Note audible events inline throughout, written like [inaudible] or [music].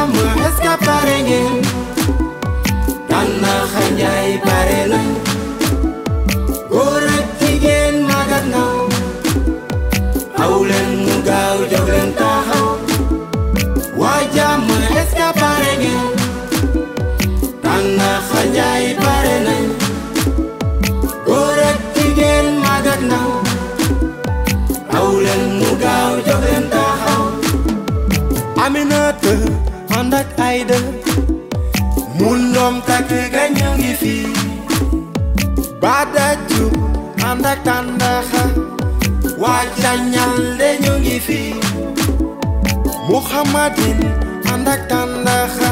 vamos a escapar again Dana khanyai parela Gorak tigen magat na Aulen mugaw joglen tahaw Wajama escapar again Dana khanyai parela Gorak tigen magat na Aulen mugaw joglen tahaw Aminata ak Aïda mun doom takk ga ñu ngi fii Bada Diouf ànd ak Tàndaxa waa Jañal de ñu ngi fii Mouhamadine ànd ak Tàndaxa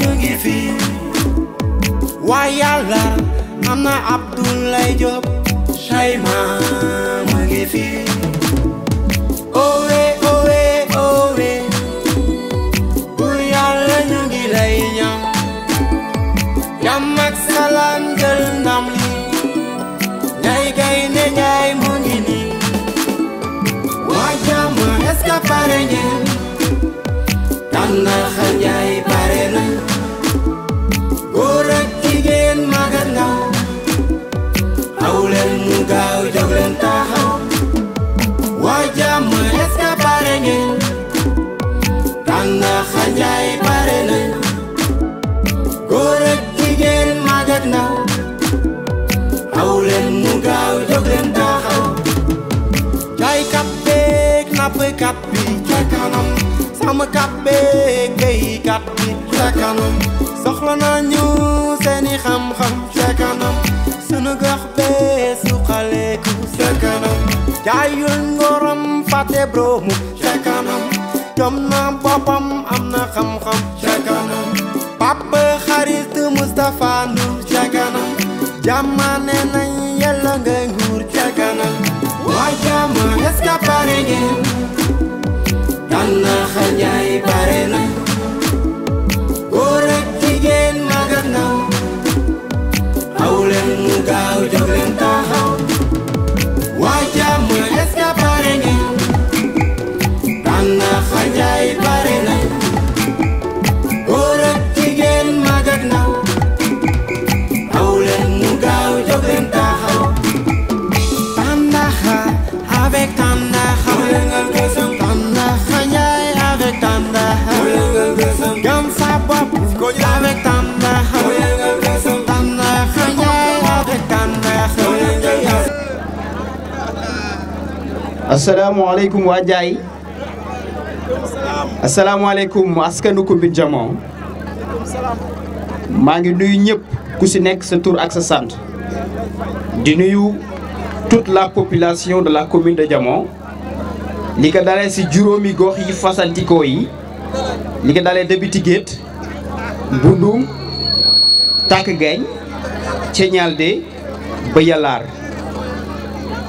ñu ngi Yàlla Anna Khanyai xamkat bee kaykat seeni xam-xam ca sunu gox bee suqaleeku ca kanam jaayul ngorom fàtte broomu ca kanam na boppam am na xam-xam ca kanam papa xarit Moustapha Ndour ca kanam jàmmane nañ yàlla nga nguur ca kanam waa jàmm est Assalamu alaikum wa asalaamualeykum Assalamu alaikum Jamono no ngi nuyu ñëpp ku Tour nek sa tour ak sa toute la population de la commune de jamo li ka si juróomi gox yi fasantikoo yi li ko de Debiti Guet Bundung Tàkk bayalar.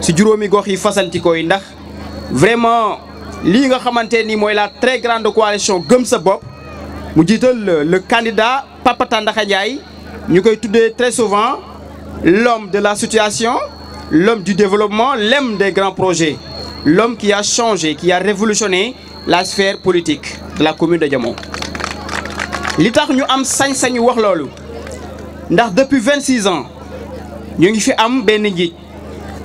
si juróomi gox yi fasantikoo koy ndax vraiment li nga xamanteni ni la très grande coalition gëm sa bop mu le candidat Papa Tandakha Ndiaye ñu très souvent l'homme de la situation l'homme du développement l'homme des grands projets l'homme qui a changé qui a révolutionné la sphère politique de la commune de Diamond li tax ñu am sañ sañ wax lolu ndax depuis 26 ans nous ngi fi am ben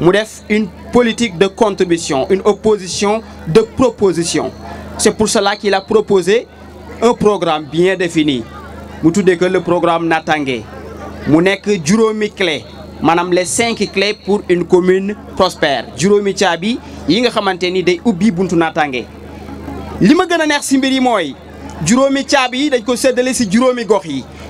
mu fait une politique de contribution une opposition de proposition c'est pour cela qu'il a proposé un programme bien défini mu que le programme Natangé. mu nekk juróomi clé maanaam les cinq clés pour une commune prospère Jérôme Tchabi, yi nga de ni day pour buntu Natangé. li ma gën a neex ci mbir yi mooy juróomi caabi dañ ko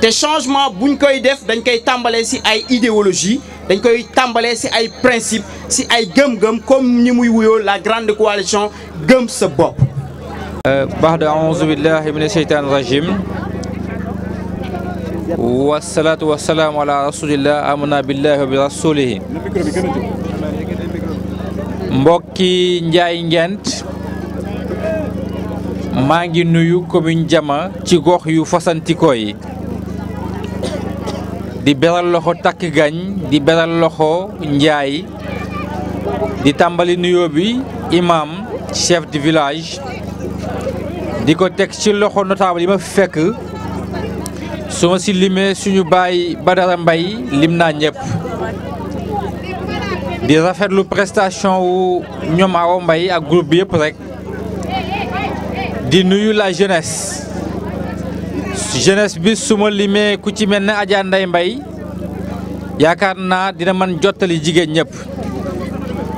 Des changements, buñ koy def dañ koy tàmbalee ci ay idéologie dañ koy tàmbalee ci ay principe ci ay gëm-gëm comme ñi muy wuyoo la grande coalition gëm sa bopp euh, baxda aouzu billahi min asheytan rajim Wa wasalaamu ala rasulillah amana billahi wa bi rasulihi mbokki njaay ngent maa ngi nuyu comme Diama ci gox yu fasantikoo yi di beral loxo takk gagne di beral loxo di tambali nuyo bi imam chef du village di ko tek ci loxo notable yi ma fekk suma ma si suñu Badara limna di rafetlu prestation wu ak groupe yep rek di la jeunesse jeunesse bi su ma limee ku ci mel ne Adja Ndeye Mbaye yaakaar naa dina man jottali jigéen ñëpp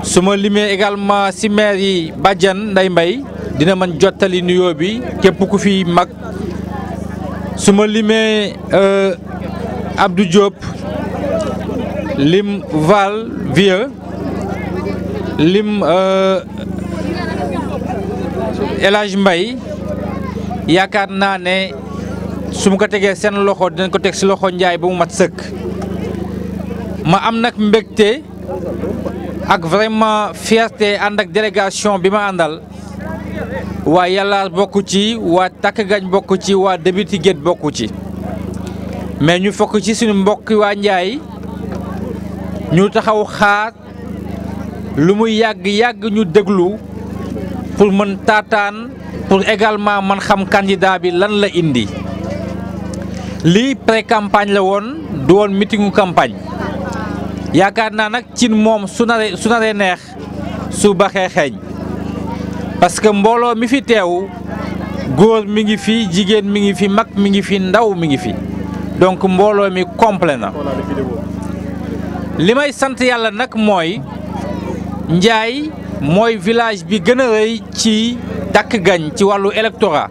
su ma limee également si maire yi Badiane Ndeye Mbaye dina man jottali nuyoo bi képp ku fi mag su ma limee euh, Abdou Diop lim Val Vieux lim euh, El Hadj yaakaar naa ne. su ma sen tegee seen loxo dinañ ko teg loxo njaay mat ma am nag mbégte ak vraiment fierté ànd ak délégation bima andal àndal waa yàlla bokk ci waa takkgañ bokk ci waa débiti gét bokk ci mais ñu fokk ci suñu mbokk waa njaay ñu taxaw xaar lu mu yàgg-yàgg ñu pour mën pour également man xam candidat bi lan la indi lii pré campagne la woon du woon meetingu campagne yaakaar naa nag cin moom su naree neex su baxee xeeñ parce que mbooloo mi fi teew góor mi ngi fi jigéen mi ngi fi mag mi ngi fi ndaw mi ngi fi donc mbooloo mi complet na li may sant yàlla nag mooy Njaay mooy village bi gën a rëy ci Dàkk Gagne ci wàllu électorat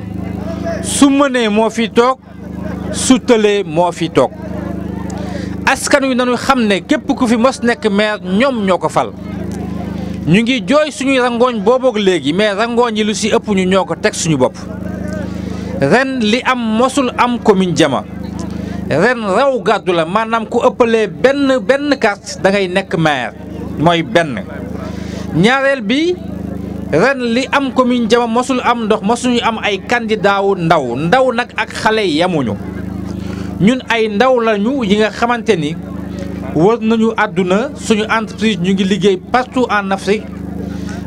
su mënee moo fi toog su tëlee moo fi toog askan wi nañu xam ne képp ku fi mos nekk maire ñoom ñoo ko fal ñu ngi jooy suñuy rangooñ booboog léegi mais rangooñ yi lu si ëpp ñu ñoo ko teg suñu bopp ren li am mosul am commune jama ren raw gàddu la maanaam ku ëppalee benn benn carte dangay nekk maire mooy benn ñaareel bi ren li am commune Diama mosul am ndox mosuñu am ay candidat wu ndaw ndaw nag ak xale yamuñu ñun ay ndaw lañu yi nga xamante ni wër nañu àdduna suñu entreprise ñu ngi liggéey partout en Afrique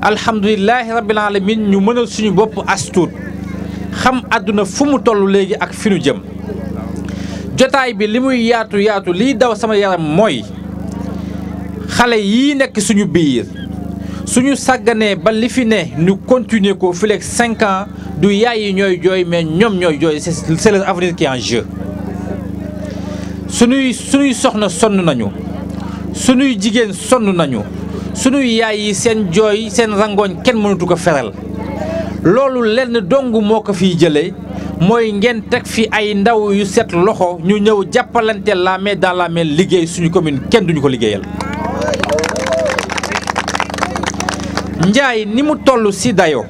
alhamdulilahi rabbil alamin ñu mënal suñu bopp astuut xam àdduna fu mu toll léegi ak fi nu jëm jotaay bi li muy yaatu yaatu liy daw sama yaram mooy xale yii nekk suñu biir Sou nou sa gane, ban lifine, nou kontinye ko, filek 5 an, dou yaye nyo yoye, men nyom nyo yoye, se lè avenir ki anje. Sou nou sou yi sokne son nou nan yo. Sou nou yi digen son nou nan yo. Sou nou yaye sen yoye, sen rangoye, ken moun tou ka ferel. Lolo lèl nou dongu mou ka fi yi djelè, mou yi gen tek fi ayin da ou yu set locho, nou nye ou djapalante la me, da la me, ligye sou nou komine, ken douni ko ligye yel. njaay ni mu toll si dayo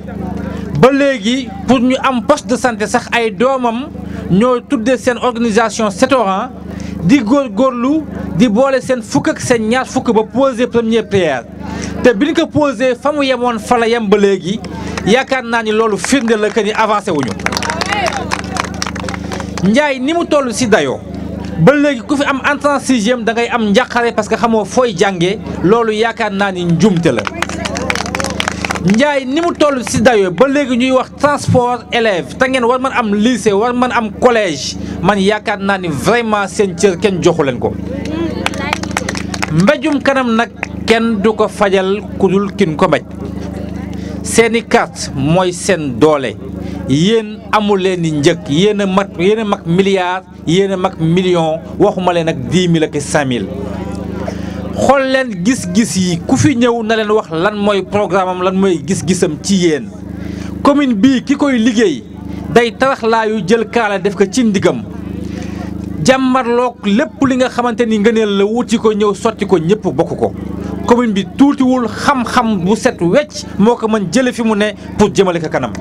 ba léegi pour ñu am poste de santé sax ay doomam ñoo tuddee seen organisation Setoran di góor góorlu di boole seen fukk ak seen ñaar fukk ba poser première pierre te bi ñu ko posé fa mu yemoon fala la yem ba léegi yaakaar naa ni loolu firnde la que ni avancé wuñu njaay ni mu toll si dayoo ba léegi ku fi am entrée en da ngay am njàqare parce que xamoo fooy jànge loolu yaakaar naa ni njumte la Ndiaye ni mu toll si dayoo ba léegi ñuy wax transport élève ta ngeen war man am lycée war man am collège man yaakaar naa ni vraiment seen cër kenn joxu leen ko mbéjum kanam nag kenn du ko fajal kudul kin ko mbéj seeni carte mooy seen doole yéen amul leen ni njëkk yéen mat mag yéen a mag milliard yéen a mag million waxuma leen ak dix mille ak cinq mille xool leen gis-gis yi ku fi ñëw na leen wax lan mooy programme am lan mooy gis-gisam ci yéen commune bii ki koy liggéey day taraxlaayu jël kaala def ko ci ndigam jàmmarloog lépp li nga xamante ni ngëneel la wuti ko ñëw sotti ko ñëpp bokk ko commune bi tuutiwul xam-xam bu set wecc moo ko mën jële fi mu ne pour jëmale ko kanam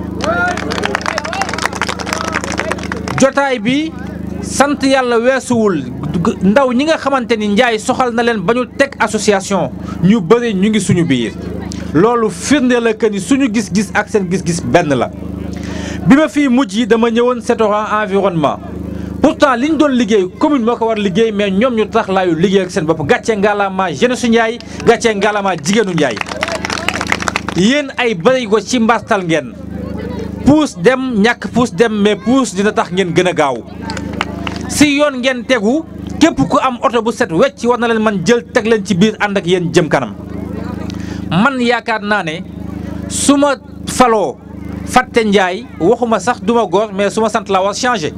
sant yàlla weesuwul ndaw ñi nga xamante ni njaay soxal na leen ba ñu teg association ñu bëri ñu ngi suñu biir loolu firnde la que ni suñu gis-gis ak seen gis-gis benn la bi ma fii mujj yi dama ñëwoon secteur environnement pourtant li ñu doon liggéey commune moo ko war liggéey mais ñoom ñu tax laayu liggéey ak seen bopp gàccee ngalaama jeunesse Njaay gàccee ngalaama jigéenu Njaay yéen ay barigo ci mbastal ngeen puus dem ñàkk puus dem mais puus dina tax ngeen gën a gaaw si yoon ngeen tegu képp ku am oto bu set wecc war na leen man jël teg leen ci biir ànd ak yenn jëm kanam man yaakaar naa ne su ma faloo fàtte njaay waxuma sax duma góor mais suma sant la war changé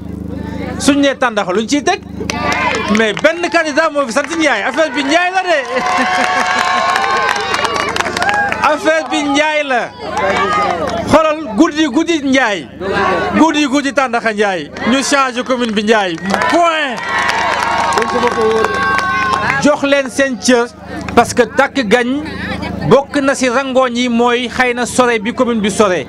suñ nee tàndax luñ ciy teg mais benn candidat moo fi sant njaay affaire bi njaay la de [laughs] fête bi njaay la xoolal guddi guddi njaay guddi guddi tàndaxa njaay ñu changé commune bi njaay point jox leen seen cër parce que takk gañ bokk na ci rangooñ yi mooy xëy na sore bi commune bi sore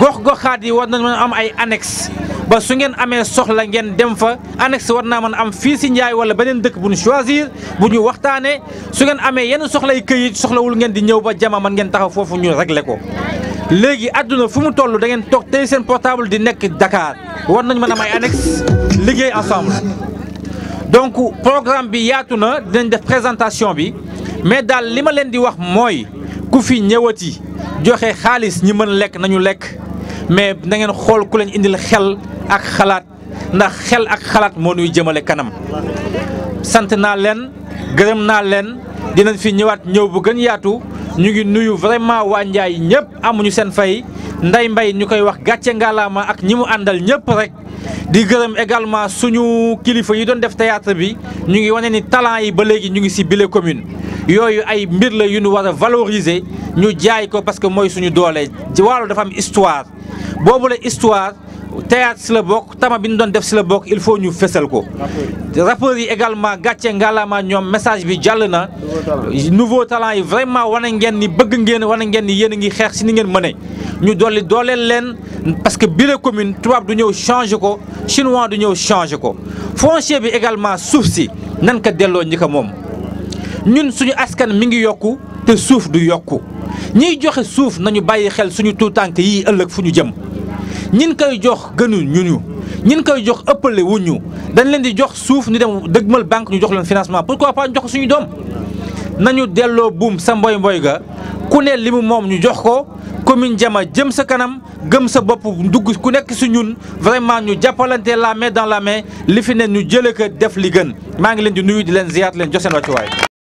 gox goxaat yi war nañ mën am ay annex ba su ngeen amee soxla ngeen dem fa annexe war naa mën am fii si njaay wala beneen dëkk bu ñu choisir bu ñu waxtaanee su ngeen amee yenn soxlay këyit soxlawul ngeen di ñëw ba jama man ngeen taxaw foofu ñu réglé ko. léegi àdduna fu mu toll da ngeen toog tey seen portable di nekk Dakar war nañ mën a am ay annexe liggéey ensemble donc programme bi yaatu na dinañ def présentation bi mais daal li ma leen di wax mooy ku fi ñëwati joxe xaalis ñi mën lekk nañu lekk mais na ngeen xool ku leen xel. ak xalaat ndax xel ak xalaat moo nuy jëmale kanam sant naa leen gërëm naa leen dinañ fi ñëwaat ñëw bu gën yaatu ñu ngi nuyu vraiment waa Ndiaye ñëpp amuñu seen fay nday mbay ñu koy wax gàcce ngalaama ak ñi mu àndal ñëpp rek di gërëm également suñu kilifa yi doon def théâtre bi ñu ngi wane ni talent yi ba léegi ñu ngi ci bile commune yooyu ay mbir la yu ñu war a ñu jaay ko parce que mooy suñu doole wàllu dafa am histoire boobu la histoire théâtre si la bokk tama bi doon def si il faut ñu fessel ko rappeur yi également gatché ngalama ñom message bi jall na nouveau talent yi vraiment wane ngeen ni bëgg ngeen wane ngeen ni yéen ngi xex si ni ngeen mëne ñu doli dolel len parce que bile commune tubaab du ñëw changer ko chinois du ñëw changer ko foncier bi également suuf si nan ko delloo ñi ko ñun suñu askan mi ngi yokku te souf du yokku ñi joxe souf nañu bayyi xel suñu tuutànk yi ëlëk fuñu jëm ñin koy jox ñu ñu ñin koy jox ëppale wuñu dañu leen di jox suuf ñu dem dëgmal banque ñu jox leen financement pourquoi pas ñu jox suñu doom nañu delloo buum sa mboy mboy ga ku ne li mu moom ñu jox ko commune Diama jëm sa kanam gëm sa bopp dugg ku nekk si ñun vraiment ñu jàppalante la main dans la main li fi ne ñu jëlee def li gën maa ngi leen di nuyu di leen ziyaat leen jox seen wàccuwaay